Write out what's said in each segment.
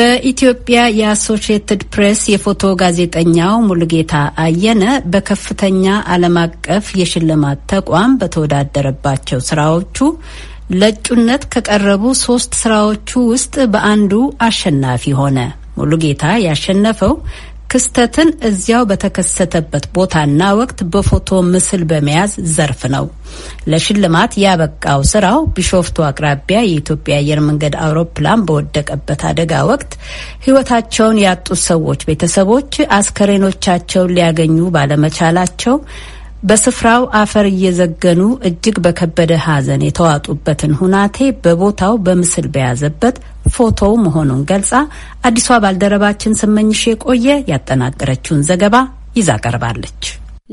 በኢትዮጵያ የአሶሺየትድ ፕሬስ የፎቶ ጋዜጠኛው ሙሉጌታ አየነ በከፍተኛ ዓለም አቀፍ የሽልማት ተቋም በተወዳደረባቸው ስራዎቹ ለእጩነት ከቀረቡ ሶስት ስራዎቹ ውስጥ በአንዱ አሸናፊ ሆነ። ሙሉጌታ ያሸነፈው ክስተትን እዚያው በተከሰተበት ቦታና ወቅት በፎቶ ምስል በመያዝ ዘርፍ ነው። ለሽልማት ያበቃው ስራው ቢሾፍቱ አቅራቢያ የኢትዮጵያ አየር መንገድ አውሮፕላን በወደቀበት አደጋ ወቅት ሕይወታቸውን ያጡት ሰዎች ቤተሰቦች አስከሬኖቻቸውን ሊያገኙ ባለመቻላቸው በስፍራው አፈር እየዘገኑ እጅግ በከበደ ሐዘን የተዋጡበትን ሁናቴ በቦታው በምስል በያዘበት ፎቶው መሆኑን ገልጻ አዲሷ ባልደረባችን ስመኝሽ የቆየ ያጠናቀረችውን ዘገባ ይዛ ቀርባለች።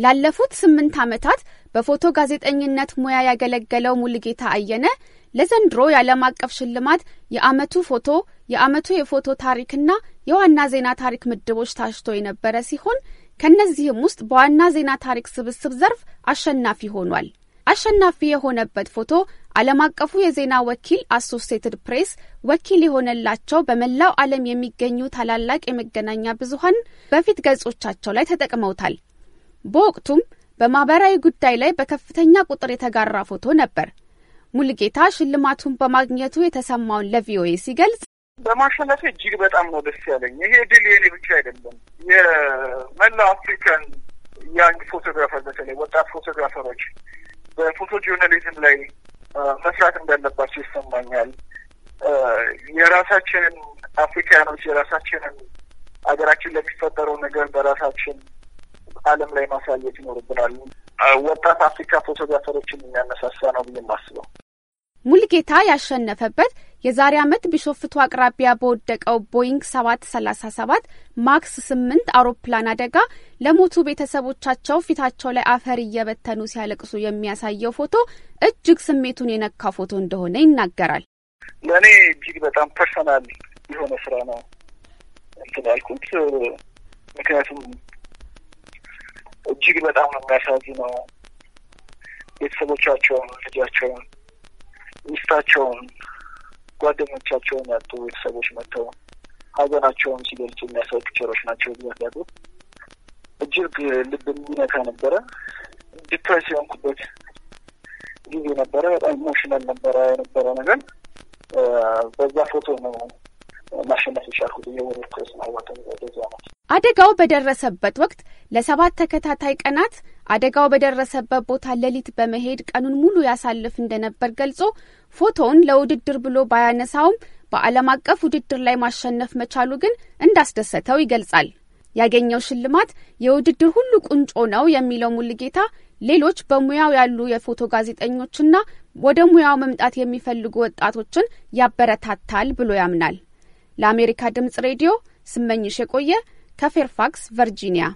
ላለፉት ስምንት ዓመታት በፎቶ ጋዜጠኝነት ሙያ ያገለገለው ሙልጌታ አየነ ለዘንድሮ የዓለም አቀፍ ሽልማት የአመቱ ፎቶ፣ የአመቱ የፎቶ ታሪክና የዋና ዜና ታሪክ ምድቦች ታጭቶ የነበረ ሲሆን ከእነዚህም ውስጥ በዋና ዜና ታሪክ ስብስብ ዘርፍ አሸናፊ ሆኗል። አሸናፊ የሆነበት ፎቶ ዓለም አቀፉ የዜና ወኪል አሶሴትድ ፕሬስ ወኪል የሆነላቸው በመላው ዓለም የሚገኙ ታላላቅ የመገናኛ ብዙሀን በፊት ገጾቻቸው ላይ ተጠቅመውታል። በወቅቱም በማኅበራዊ ጉዳይ ላይ በከፍተኛ ቁጥር የተጋራ ፎቶ ነበር። ሙልጌታ ሽልማቱን በማግኘቱ የተሰማውን ለቪኦኤ ሲገልጽ በማሸነፍ እጅግ በጣም ነው ደስ ያለኝ። ይሄ ድል የኔ ብቻ አይደለም፣ መላ አፍሪካን ያንግ ፎቶግራፈር በተለይ ወጣት ፎቶግራፈሮች በፎቶ ጆርናሊዝም ላይ መስራት እንዳለባቸው ይሰማኛል። የራሳችንን አፍሪካኖች የራሳችንን ሀገራችን ለሚፈጠረው ነገር በራሳችን ዓለም ላይ ማሳየት ይኖርብናል። ወጣት አፍሪካ ፎቶግራፈሮችን የሚያነሳሳ ነው ብዬ የማስበው ሙልጌታ ያሸነፈበት የዛሬ ዓመት ቢሾፍቱ አቅራቢያ በወደቀው ቦይንግ 737 ማክስ 8 አውሮፕላን አደጋ ለሞቱ ቤተሰቦቻቸው ፊታቸው ላይ አፈር እየበተኑ ሲያለቅሱ የሚያሳየው ፎቶ እጅግ ስሜቱን የነካ ፎቶ እንደሆነ ይናገራል። ለእኔ እጅግ በጣም ፐርሰናል የሆነ ስራ ነው እንትን ያልኩት ምክንያቱም እጅግ በጣም ነው የሚያሳዝነው ቤተሰቦቻቸውን ልጃቸውን ሚስታቸውን፣ ጓደኞቻቸውን ያጡ ቤተሰቦች መጥተው ሀዘናቸውን ሲገልጹ የሚያሳይ ፒክቸሮች ናቸው ብዛት ያሉት። እጅግ ልብ የሚነካ ነበረ። ዲፕሬስ የሆንኩበት ጊዜ ነበረ። በጣም ኢሞሽናል ነበረ የነበረ ነገር። በዛ ፎቶ ነው ማሸነፍ የቻልኩት የወር ፕሬስ ማዋተ አደጋው በደረሰበት ወቅት ለሰባት ተከታታይ ቀናት አደጋው በደረሰበት ቦታ ሌሊት በመሄድ ቀኑን ሙሉ ያሳልፍ እንደነበር ገልጾ ፎቶውን ለውድድር ብሎ ባያነሳውም በዓለም አቀፍ ውድድር ላይ ማሸነፍ መቻሉ ግን እንዳስደሰተው ይገልጻል። ያገኘው ሽልማት የውድድር ሁሉ ቁንጮ ነው የሚለው ሙልጌታ ሌሎች በሙያው ያሉ የፎቶ ጋዜጠኞችና ወደ ሙያው መምጣት የሚፈልጉ ወጣቶችን ያበረታታል ብሎ ያምናል። ለአሜሪካ ድምጽ ሬዲዮ ስመኝሽ የቆየ ከፌርፋክስ ቨርጂኒያ